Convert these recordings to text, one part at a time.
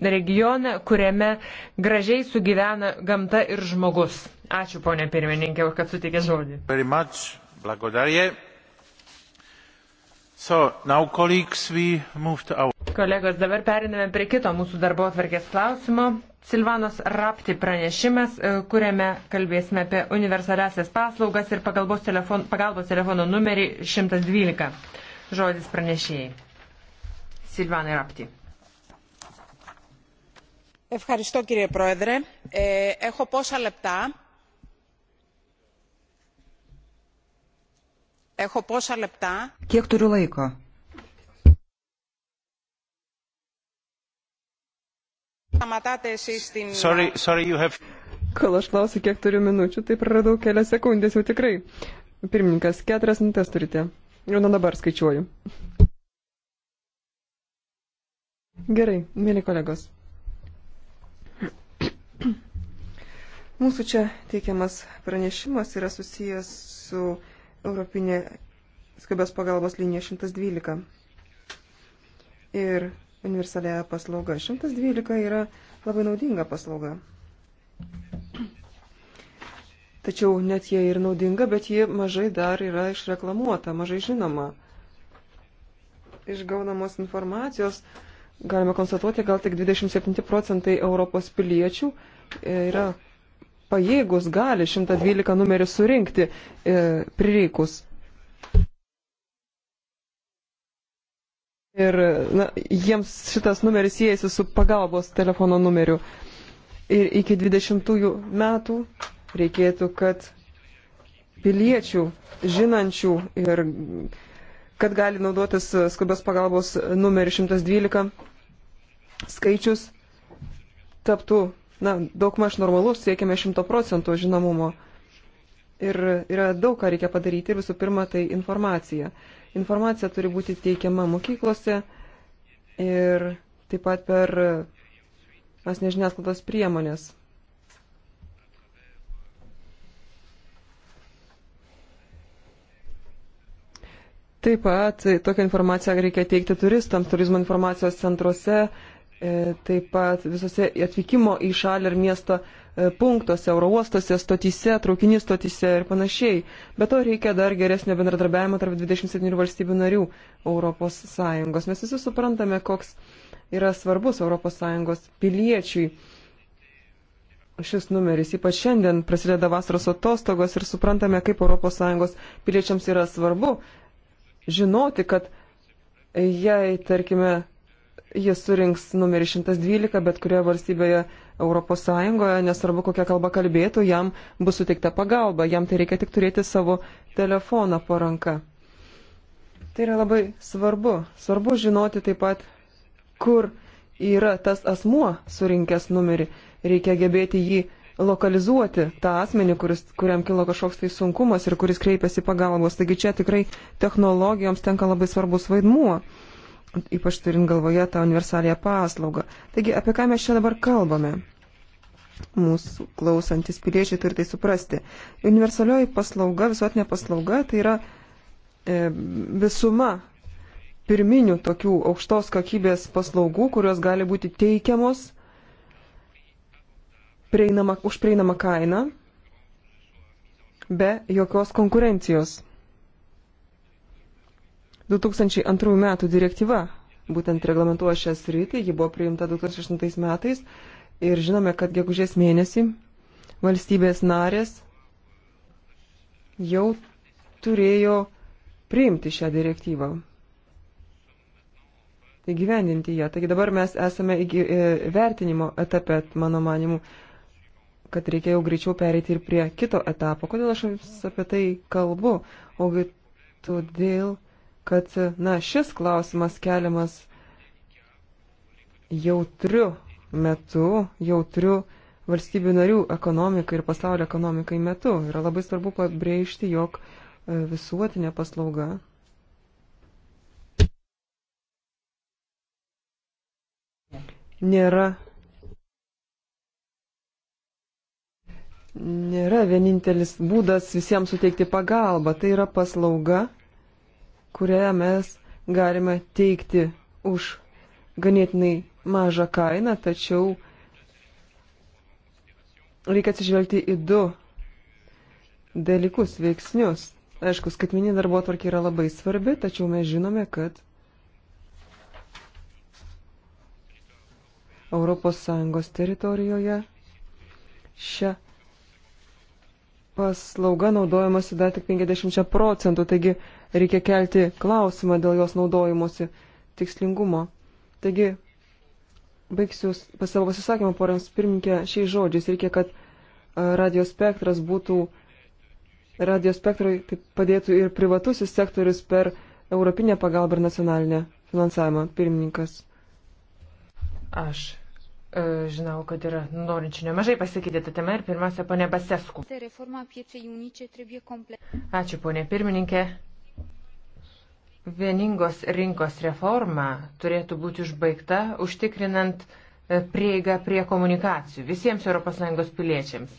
regioną, kuriame gražiai sugyvena gamta ir žmogus. Ačiū, ponė pirmininkė, kad sutikė žodį. So, our... Kolegos, dabar periname prie kito mūsų darbo atvarkės klausimo. Silvanos Rapti pranešimas, e, kuriame kalbėsime apie universalesias paslaugas ir pagalbos, telefon, pagalbos telefono numerį 112. Žodis pranešėjai. Silvanai Rapti. Ευχαριστώ κύριε Πρόεδρε. Ε, έχω πόσα λεπτά. Έχω πόσα λεπτά. Kiek turiu laiko? Σταματάτε εσείς την... Sorry, sorry, you have... Kol aš klausiu, kiek turiu minučių, tai praradau kelias sekundės jau tikrai. Pirmininkas, keturias minutės turite. Jau nuo dabar skaičiuoju. Gerai, mėly kolegos. Mūsų čia teikiamas pranešimas yra susijęs su Europinė skubios pagalbos linija 112 ir universalėje paslauga. 112 yra labai naudinga paslauga. Tačiau net jie ir naudinga, bet ji mažai dar yra išreklamuota, mažai žinoma. Išgaunamos informacijos galime konstatuoti, gal tik 27 procentai Europos piliečių e, yra pajėgus gali 112 numerį surinkti e, prireikus. Ir na, jiems šitas numeris siejasi su pagalbos telefono numeriu. Ir iki 20 metų reikėtų, kad piliečių, žinančių ir kad gali naudotis skubios pagalbos numeris 112 skaičius taptų na, daug maž normalus, siekiame 100 procentų žinomumo. Ir yra daug ką reikia padaryti ir visų pirma tai informacija. Informacija turi būti teikiama mokyklose ir taip pat per masinės žiniasklaidos priemonės. Taip pat tokią informaciją reikia teikti turistams, turizmo informacijos centruose, E, taip pat visose atvykimo į šalį ir miesto e, punktuose, oro uostuose, stotyse, traukinys stotyse ir panašiai. Be to reikia dar geresnio bendradarbiavimo tarp 27 valstybių narių Europos Sąjungos. Mes visi suprantame, koks yra svarbus Europos Sąjungos piliečiui šis numeris. Ypač šiandien prasideda vasaros atostogos ir suprantame, kaip ES piliečiams yra svarbu žinoti, kad jei, tarkime, jie surinks numerį 112, bet kurioje valstybėje Europos Sąjungoje, nesvarbu kokią kalbą kalbėtų, jam bus suteikta pagalba, jam tai reikia tik turėti savo telefoną po ranka. Tai yra labai svarbu. Svarbu žinoti taip pat, kur yra tas asmuo surinkęs numerį. Reikia gebėti jį lokalizuoti tą asmenį, kuris, kuriam kilo kažkoks tai sunkumas ir kuris kreipiasi pagalbos. Taigi čia tikrai technologijoms tenka labai svarbus vaidmuo ypač turint galvoje tą universalią paslaugą. Taigi, apie ką mes čia dabar kalbame? Mūsų klausantis piliečiai turi tai suprasti. Universalioji paslauga, visuotinė paslauga, tai yra e, visuma pirminių tokių aukštos kokybės paslaugų, kurios gali būti teikiamos prieinama, už prieinamą kainą be jokios konkurencijos. 2002 metų direktyva būtent reglamentuoja šią sritį, ji buvo priimta 2008 metais ir žinome, kad gegužės mėnesį valstybės narės jau turėjo priimti šią direktyvą, įgyvendinti ją. Taigi dabar mes esame įgy, vertinimo etape, mano manimu, kad reikia jau greičiau pereiti ir prie kito etapo. Kodėl aš apie tai kalbu? Ogi todėl, kad, na, šis klausimas keliamas jautriu metu, jautriu valstybių narių ekonomikai ir pasaulio ekonomikai metu. Yra labai svarbu pabrėžti, jog e, visuotinė paslauga. Nėra, nėra vienintelis būdas visiems suteikti pagalbą. Tai yra paslauga, kurią mes galime teikti už ganėtinai mažą kainą, tačiau reikia atsižvelgti į du dalykus, veiksnius. Aišku, skaitminė darbo atvarkė yra labai svarbi, tačiau mes žinome, kad ES teritorijoje šią paslaugą naudojamasi dar tik 50 procentų, taigi reikia kelti klausimą dėl jos naudojimosi tikslingumo. Taigi, baigsiu pas savo pasisakymą, porams pirmininkė, šiais žodžiais reikia, kad radio spektras būtų, radio spektrui taip padėtų ir privatusis sektorius per europinę pagalbą ir nacionalinę finansavimą. Pirmininkas. Aš e, Žinau, kad yra norinčių nemažai pasakyti tą temą ir pirmiausia, ponė Basesku. Ačiū, ponė pirmininkė. Vieningos rinkos reforma turėtų būti užbaigta užtikrinant e, prieigą prie komunikacijų visiems ES piliečiams.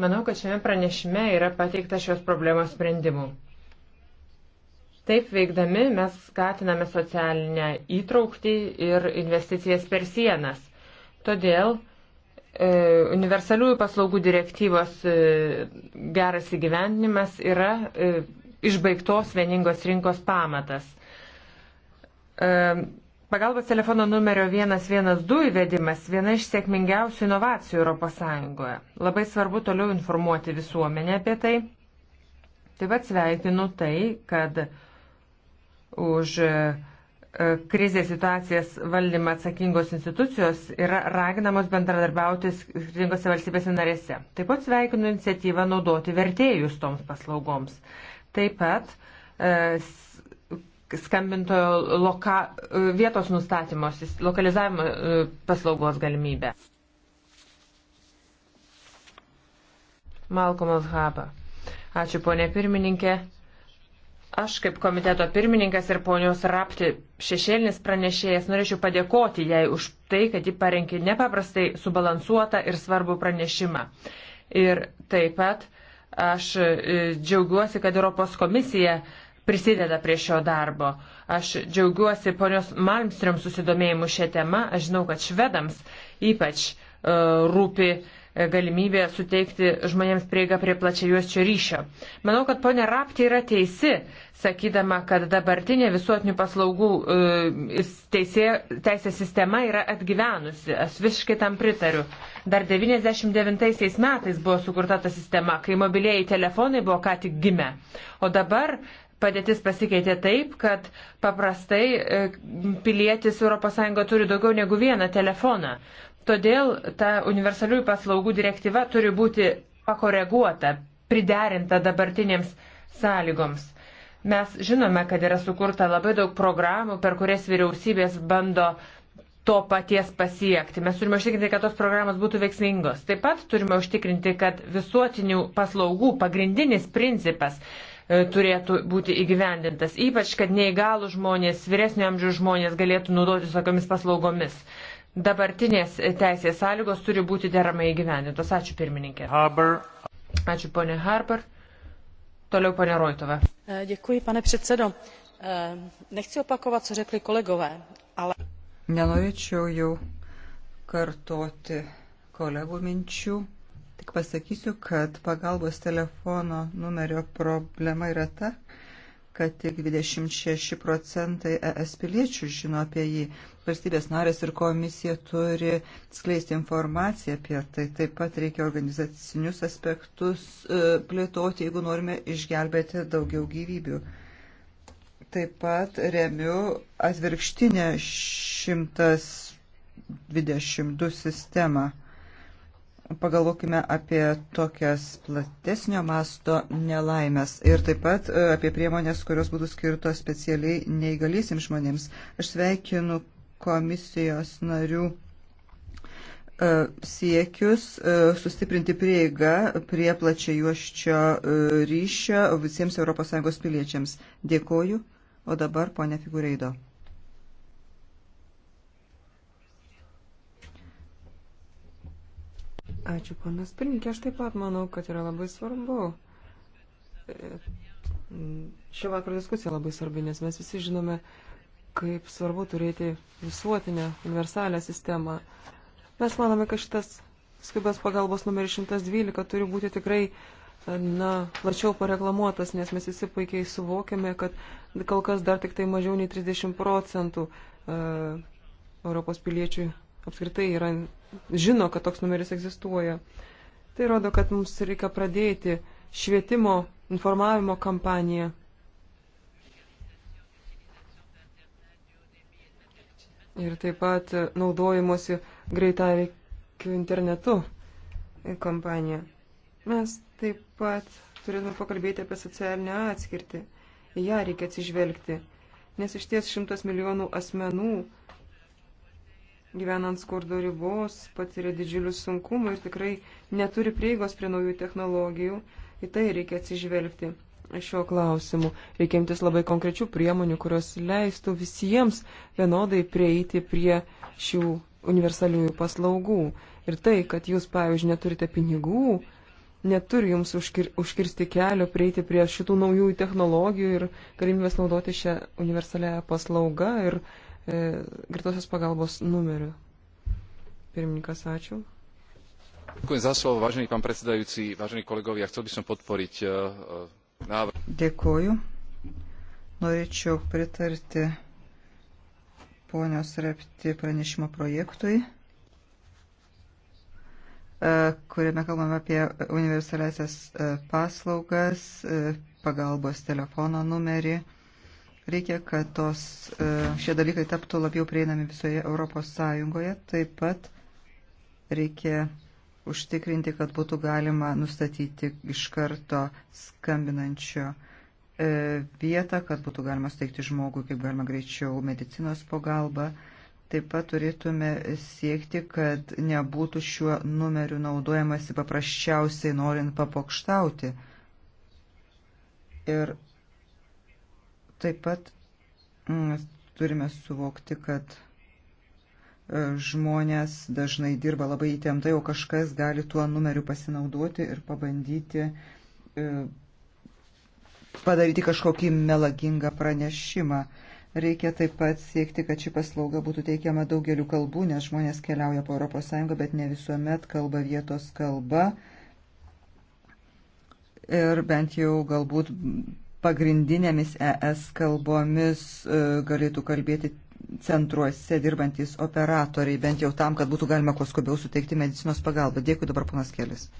Manau, kad šiame pranešime yra pateikta šios problemos sprendimų. Taip veikdami mes skatiname socialinę įtraukti ir investicijas per sienas. Todėl e, universaliųjų paslaugų direktyvos e, geras įgyvendinimas yra išbaigtos vieningos rinkos pamatas. E, pagalbos telefono numerio 112 įvedimas - viena iš sėkmingiausių inovacijų ES. Labai svarbu toliau informuoti visuomenę apie tai. Taip pat sveikinu tai, kad už e, krizės situacijas valdymą atsakingos institucijos yra raginamos bendradarbiauti skirtingose valstybėse narėse. Taip pat sveikinu iniciatyvą naudoti vertėjus toms paslaugoms. Taip pat e, skambintojo loka, e, vietos nustatymos, lokalizavimo e, paslaugos galimybę. Malkomas Haba. Ačiū, ponė pirmininkė. Aš kaip komiteto pirmininkas ir ponios Rapti šešėlinis pranešėjas norėčiau padėkoti jai už tai, kad ji parengė nepaprastai subalansuotą ir svarbų pranešimą. Ir taip pat uh, Aš e, džiaugiuosi, kad Europos komisija prisideda prie šio darbo. Aš džiaugiuosi ponios Malmström susidomėjimu šią temą. Aš žinau, kad švedams ypač e, rūpi e, galimybė suteikti žmonėms prieigą prie plačiajuosčio ryšio. Manau, kad ponė Rapti yra teisi, sakydama, kad dabartinė visuotinių paslaugų teisė, teisė sistema yra atgyvenusi. Aš visiškai tam pritariu. Dar 99 metais buvo sukurta ta sistema, kai mobilieji telefonai buvo ką tik gimę. O dabar padėtis pasikeitė taip, kad paprastai e, pilietis ES turi daugiau negu vieną telefoną. Todėl ta universaliųjų paslaugų direktyva turi būti pakoreguota, priderinta dabartinėms sąlygoms. Mes žinome, kad yra sukurta labai daug programų, per kurias vyriausybės bando uh, to paties pasiekti. Mes turime užtikrinti, kad tos programos būtų veiksmingos. Taip pat turime užtikrinti, kad visuotinių paslaugų pagrindinis principas e, turėtų būti įgyvendintas. Ypač, kad neįgalų žmonės, vyresnio amžiaus žmonės galėtų naudotis tokiamis paslaugomis. Dabartinės e, teisės sąlygos turi būti deramai įgyvendintos. Ačiū pirmininkė. Harbour. Ačiū ponė Harper. Toliau ponė Roitova. E, děkuji, pane předsedo. Nechci opakovat, co řekli kolegové, ale... Nenorėčiau jau kartoti kolegų minčių. Tik pasakysiu, kad pagalbos telefono numerio problema yra ta, kad tik 26 procentai ES piliečių žino apie jį. Valstybės narės ir komisija turi skleisti informaciją apie tai. Taip pat reikia organizacinius aspektus e, plėtoti, jeigu norime išgelbėti daugiau gyvybių taip pat remiu atvirkštinę 122 sistemą. Pagalvokime apie tokias platesnio masto nelaimės ir taip pat e, apie priemonės, kurios būtų skirtos specialiai neįgalysiams žmonėms. Aš sveikinu komisijos narių e, siekius e, sustiprinti prieigą prie plačiajuoščio ryšio visiems ES piliečiams. Dėkoju. O dabar ponė Figureido. Ačiū, panas Pirinkė. Aš taip pat manau, kad yra labai svarbu. E, šio vakaro diskusija labai svarbi, nes mes visi žinome, kaip svarbu turėti visuotinę, universalią sistemą. Mes manome, kad šitas skubios pagalbos numeris 112 turi būti tikrai na, plačiau pareklamuotas, nes mes visi puikiai suvokiame, kad kol kas dar tik tai mažiau nei 30 procentų uh, Europos piliečių apskritai yra, žino, kad toks numeris egzistuoja. Tai rodo, kad mums reikia pradėti švietimo, informavimo kampaniją. Ir taip pat naudojimuosi greitaveikiu internetu kampaniją. Mes taip pat turėtume pakalbėti apie socialinę atskirtį. Į ją reikia atsižvelgti, nes iš ties šimtas milijonų asmenų gyvenant skurdo ribos patiria didžiulius sunkumų ir tikrai neturi prieigos prie naujų technologijų. Į tai reikia atsižvelgti šiuo klausimu. Reikia imtis labai konkrečių priemonių, kurios leistų visiems vienodai prieiti prie šių universaliųjų paslaugų. Ir tai, kad jūs, pavyzdžiui, neturite pinigų, neturi jums užkir, užkirsti kelio prieiti prie šitų naujų technologijų ir galimybės naudoti šią universalią paslaugą ir e, gritosios pagalbos numeriu. Pirmininkas, ačiū. Ďakujem za slovo, vážený pán predsedajúci, vážení kolegovia. Chcel by som podporiť uh, návrh. Dėkuoju. Norėčiau pritarti ponios Repti pranešimo projektui. E, kuriame kalbame apie universalesias e, paslaugas, e, pagalbos telefono numerį. Reikia, kad tos, šie dalykai taptų labiau prieinami visoje Europos Sąjungoje. Taip pat reikia užtikrinti, kad būtų galima nustatyti iš karto skambinančio vietą, kad būtų galima steigti žmogų kaip galima greičiau medicinos pagalbą. Taip pat turėtume siekti, kad nebūtų šiuo numeriu naudojamasi paprasčiausiai norint papokštauti. Ir taip pat mm, turime suvokti, kad e, žmonės dažnai dirba labai įtemptai, o kažkas gali tuo numeriu pasinaudoti ir pabandyti e, padaryti kažkokį melagingą pranešimą. Reikia taip pat siekti, kad ši paslauga būtų teikiama daugeliu kalbų, nes žmonės keliauja po ES, bet ne visuomet kalba vietos kalba. Ir bent jau galbūt pagrindinėmis ES kalbomis e, galėtų kalbėti centruose dirbantis operatoriai, bent jau tam, kad būtų galima kuo skubiau suteikti medicinos pagalbą. Dėkui dabar, ponas Kelis.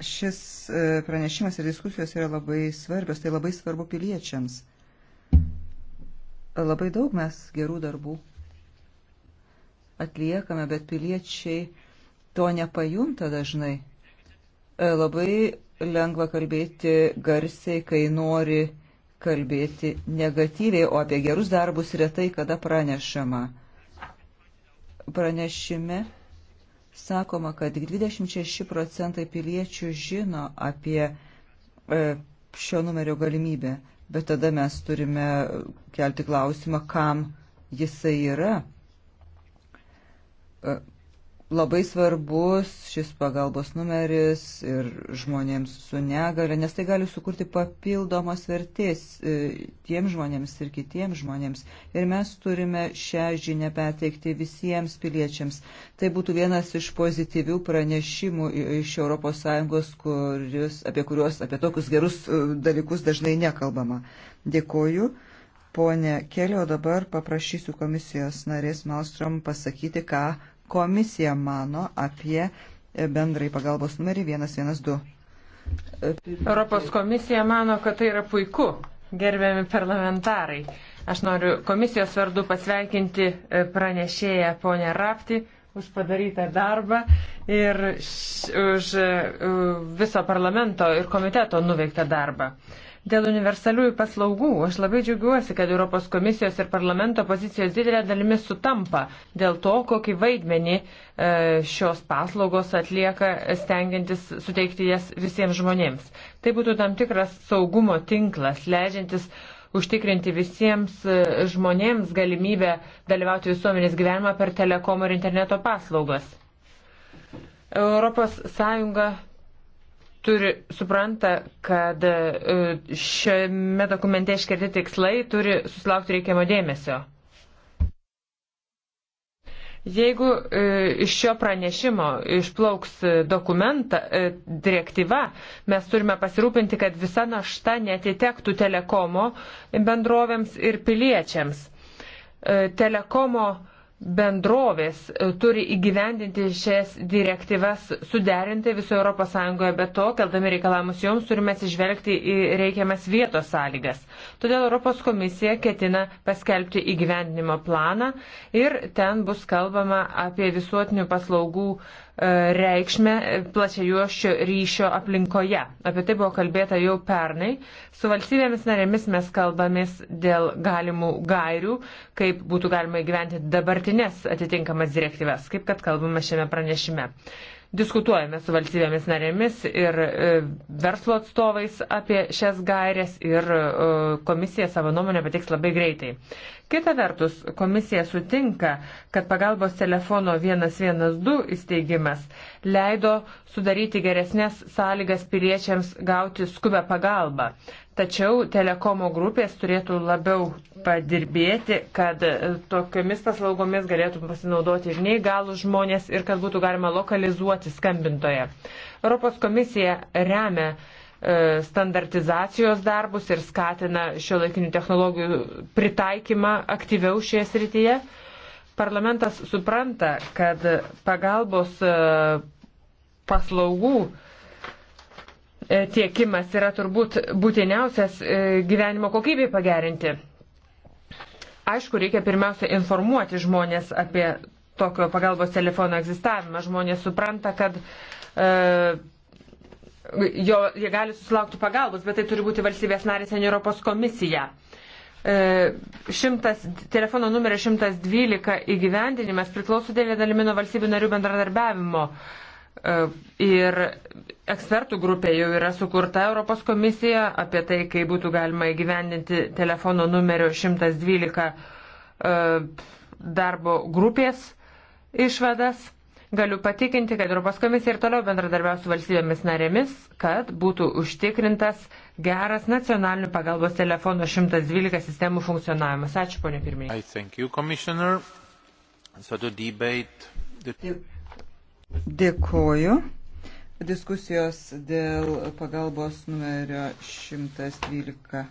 Šis e, pranešimas ir diskusijos yra labai svarbios, tai labai svarbu piliečiams. Labai daug mes gerų darbų atliekame, bet piliečiai to nepajunta dažnai. E, labai lengva kalbėti garsiai, kai nori kalbėti negatyviai, o apie gerus darbus retai kada pranešama. Pranešime sakoma, kad 26 procentai piliečių žino apie e, šio numerio galimybę, bet tada mes turime kelti klausimą, kam jisai yra e, labai svarbus šis pagalbos numeris ir žmonėms su negale, nes tai gali sukurti papildomos vertės e, tiems žmonėms ir kitiems žmonėms. Ir mes turime šią žinę pateikti visiems piliečiams. Tai būtų vienas iš pozityvių pranešimų iš ES, kuris, apie kuriuos, apie tokius gerus e, dalykus dažnai nekalbama. Dėkoju. Pone Kelio, dabar paprašysiu komisijos narės Malstrom pasakyti, ką komisija mano apie e, bendrai pagalbos numerį 112. Europos komisija mano, kad tai yra puiku, gerbiami parlamentarai. Aš noriu komisijos vardu pasveikinti e, pranešėją ponę Rapti už padarytą darbą ir už e, viso parlamento ir komiteto nuveiktą darbą. Dėl universaliųjų paslaugų aš labai džiaugiuosi, kad Europos komisijos ir parlamento pozicijos didelė dalimi sutampa dėl to, kokį vaidmenį e, šios paslaugos atlieka stengiantis suteikti jas visiems žmonėms. Tai būtų tam tikras saugumo tinklas, leidžiantis užtikrinti visiems e, žmonėms galimybę dalyvauti visuomenės gyvenimą per telekomų ir interneto paslaugas. Europos Sąjunga turi, supranta, kad e, šiame dokumente iškelti tikslai turi susilaukti reikiamo dėmesio. Jeigu e, iš šio pranešimo išplauks dokumenta, e, direktyva, mes turime pasirūpinti, kad visa našta netitektų telekomo bendrovėms ir piliečiams. Telekomo bendrovės e, turi įgyvendinti šias direktyvas suderinti visoje ES, bet to, keldami reikalavimus joms, turime atsižvelgti į reikiamas vietos sąlygas. Todėl Europos komisija ketina paskelbti įgyvendinimo planą ir ten bus kalbama apie visuotinių paslaugų e, reikšmę e, plačiajuoščio ryšio aplinkoje. Apie tai buvo kalbėta jau pernai. Su valstybėmis narėmis mes kalbamės dėl galimų gairių, kaip būtų galima įgyventi dabartinės atitinkamas direktyves, kaip kad kalbama šiame pranešime. Diskutuojame su valstybėmis narėmis ir e, verslo atstovais apie šias gairias ir e, komisija savo nuomonę patiks labai greitai. Kita vertus, komisija sutinka, kad pagalbos telefono 112 įsteigimas leido sudaryti geresnės sąlygas piliečiams gauti skubę pagalbą. Tačiau telekomo grupės turėtų labiau padirbėti, kad e, tokiamis paslaugomis galėtų pasinaudoti ir neįgalus žmonės ir kad būtų galima lokalizuoti skambintoje. Europos komisija remia E, standartizacijos darbus ir skatina šio laikinių technologijų pritaikymą aktyviau šioje srityje. Parlamentas supranta, kad pagalbos e, paslaugų e, tiekimas yra turbūt būtiniausias gyvenimo kokybei pagerinti. Aišku, reikia pirmiausia informuoti žmonės apie tokio pagalbos telefono egzistavimą. Žmonės supranta, kad e, jo, jie gali susilaukti pagalbos, bet tai turi būti valstybės narės, ne Europos komisija. E, šimtas, telefono numeris 112 įgyvendinimas priklauso dėlė dalimi nuo valstybių narių bendradarbiavimo. E, ir ekspertų grupė jau yra sukurta Europos komisija apie tai, kaip būtų galima įgyvendinti telefono numerio 112 e, darbo grupės išvadas. Galiu patikinti, kad Europos komisija ir toliau bendradarbiaus su valstybėmis narėmis, kad būtų užtikrintas geras nacionalinių pagalbos telefono 112 sistemų funkcionavimas. Ačiū, ponė pirmininkė. So debate... Dėkoju. Diskusijos dėl pagalbos numerio 112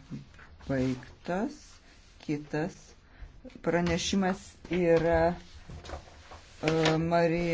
baigtas. Kitas pranešimas yra uh, Marija.